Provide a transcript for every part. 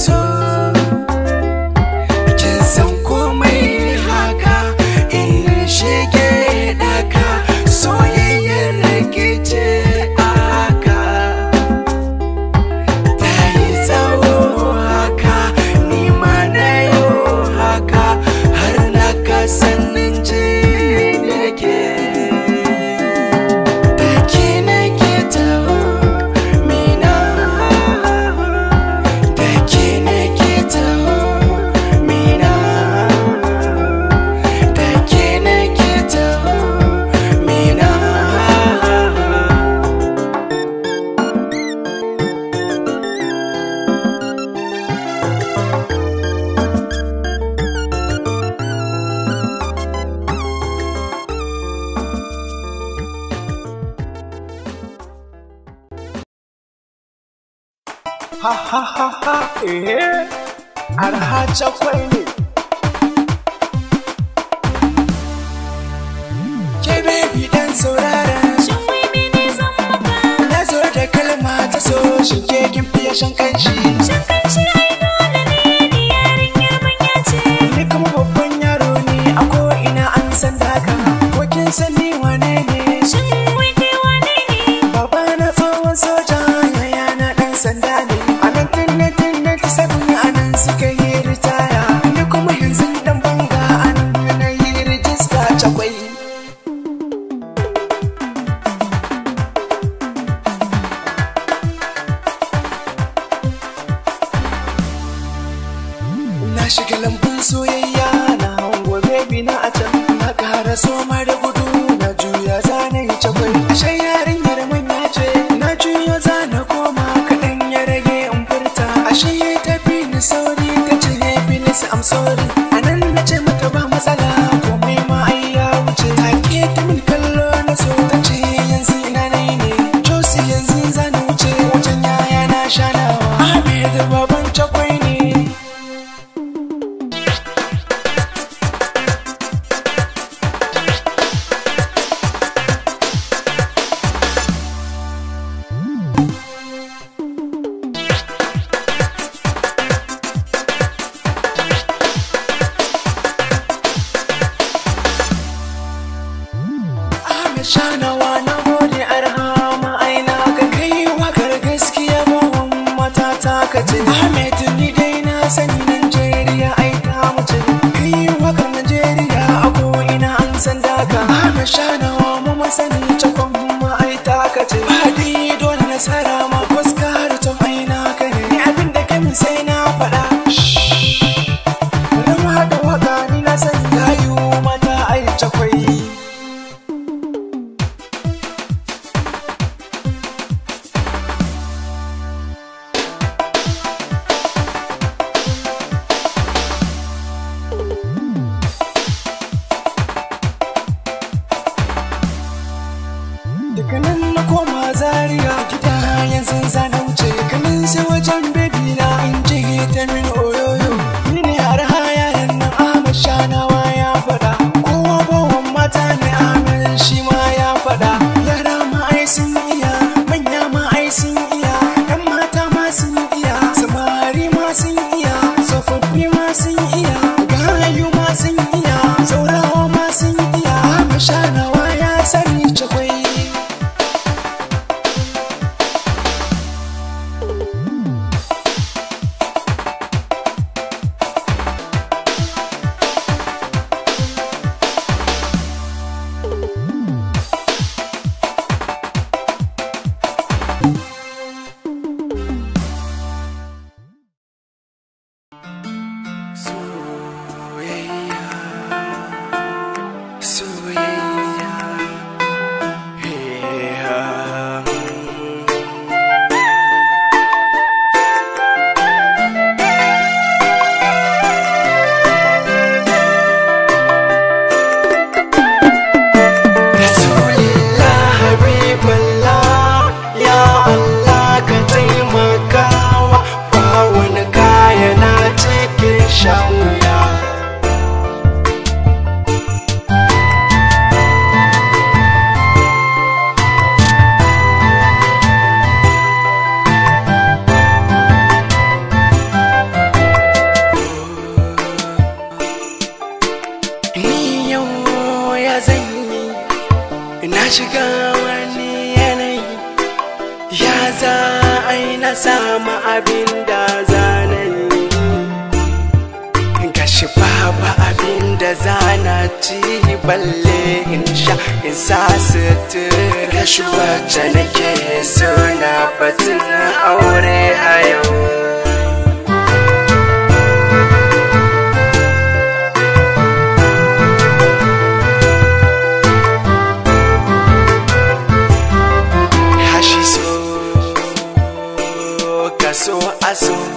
so arha cakwai ne ke baby dan saurara na zo da kalma ta so shi ke kin fiye shan kanshi shine on. sa ai na sama abin da zanayi gashi babu abin da zana ci balle in sha in sa sutura gashi wacce nake suna batun aure a yau Así.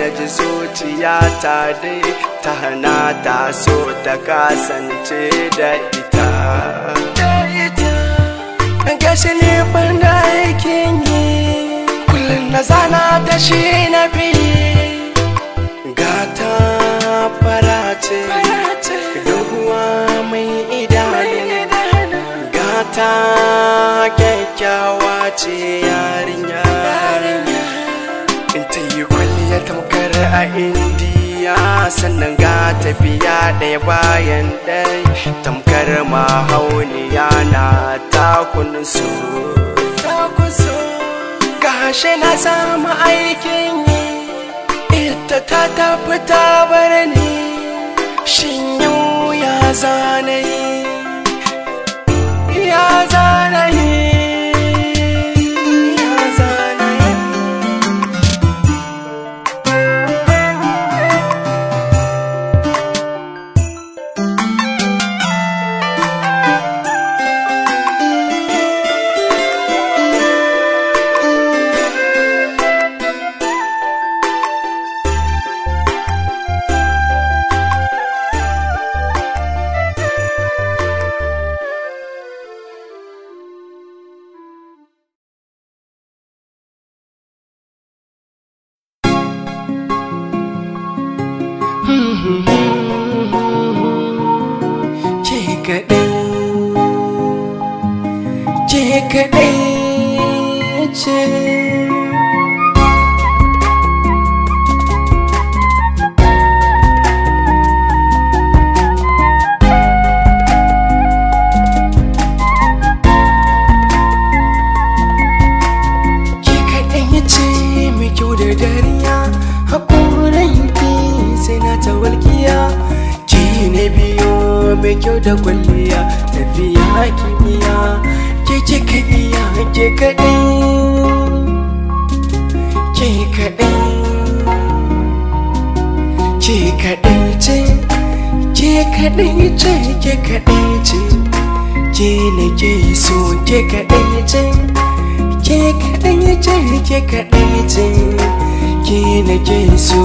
na ji zuciya ta dai ta hana ta so ta kasance da ita gashi ne ban aikin yi kullum na zana da shi na biye gata fara ce duhuwa mai idanu gata kyakkyawa ce yarinya ya tamkar a indiya sannan ga tafiya ɗaya bayan ɗai tamkar mahauniya na takun su gashe na samu aikin yi ita ta tafi ta ne ni yau ya zanayi ya zanayi Take kadai ce mai kyau da kwalliya tafiya kimiyya ke ce ka ke kaɗai ke kaɗai ke kaɗai ce ke kaɗai ce ke kaɗai ce ke ne ke so ke kaɗai ce ke kaɗai ce ke kaɗai ce ke ne ke so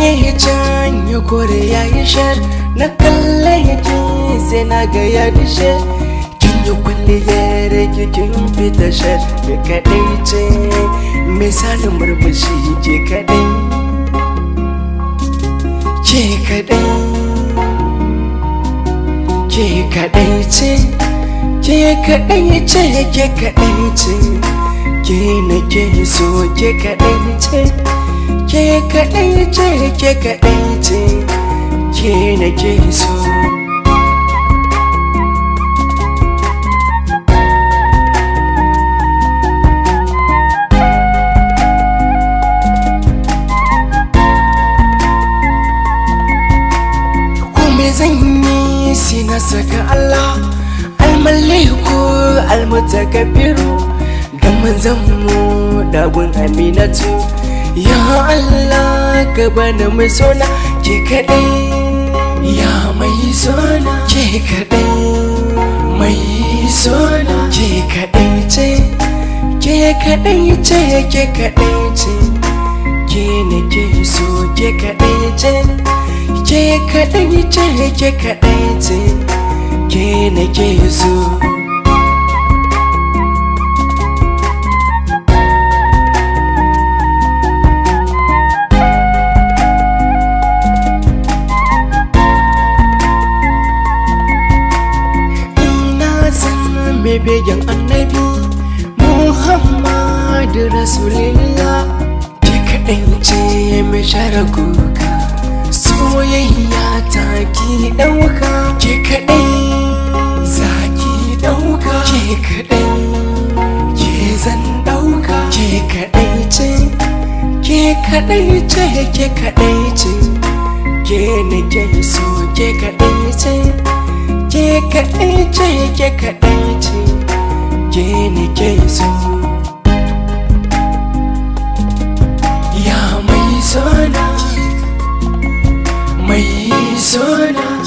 ya yi can ya kore ya yi shar na kalla ya ki sai na ga ya dishe kin yi kulle ya rage kin fita shar ke kadai ce misalin murmushi ke kadai ke kadai ke kadai ce ke kadai ce ke kadai ce ke na ke so ke kadai ce ke kaɗai ce ke kaɗai ce ke nake so zan yi si na saka Allah almaliku almutakabiru da manzanmu dagun aminatu ya Allah ka bani mai sona ke kaɗai ya mai sona ke kaɗai mai sona ke kaɗai ce ke kaɗai ce ke kaɗai ce ke ne ke so ke kaɗai ce ke kaɗai ce ke kaɗai ce ke ne ke so begen annabi muhammadu rasulillah ki kaɗai wuce mai share kuka soyayya ta ki ɗauka ki kaɗai za ki ɗauka ki kaɗai ki zan ɗauka ki kaɗai ce ke kaɗai ce ke kaɗai ce ke nake so ke kaɗai ce ke kaɗai ce ke kaɗai ce ke ne ya mai sona mai sona